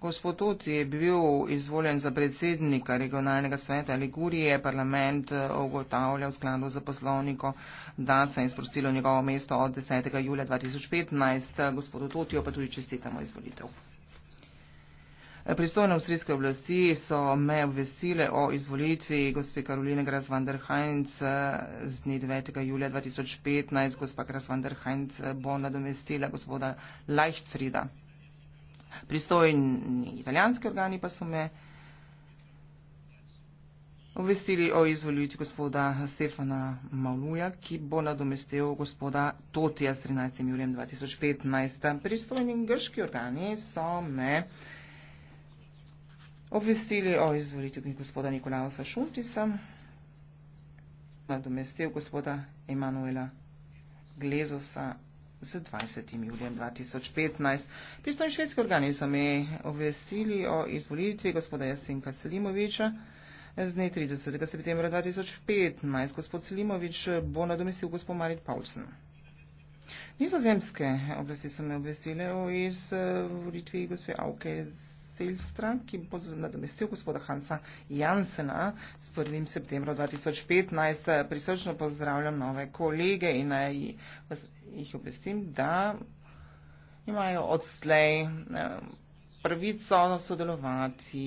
Gospod Tud je bil izvoljen za predsednika regionalnega sveta Ligurije. Parlament eh, ugotavlja v skladu za poslovniko, da se je izprostilo njegovo mesto od 10. julija 2015. Gospod Tud jo pa tudi čestitamo izvolitev. Eh, pristojne avstrijske oblasti so me obvestile o izvolitvi gospe Karoline Grasvanderheinz eh, z dne 9. julija 2015. Gospa Grasvanderheinz bo nadomestila gospoda Leichtfrieda pristojni italijanski organi pa so me obvestili o izvolitvi gospoda Stefana Maluja, ki bo nadomestil gospoda Totija s 13. julijem 2015. Pristojni grški organi so me obvestili o izvolitvi gospoda Nikolausa Šuntisa, nadomestil gospoda Emanuela Glezosa z 20. julijem 2015. Pristojni švedski organi so me obvestili o izvolitvi gospoda Jasenka Selimoviča z dne 30. septembra 2015. Gospod Selimovič bo nadomestil gospod Marit Paulsen. Nizozemske oblasti so me obvestile o izvolitvi gospe Auke z Selstra, ki bo nadomestil gospoda Hansa Jansena s 1. septembra 2015. Prisrčno pozdravljam nove kolege in naj jih obvestim, da imajo odslej eh, pravico sodelovati.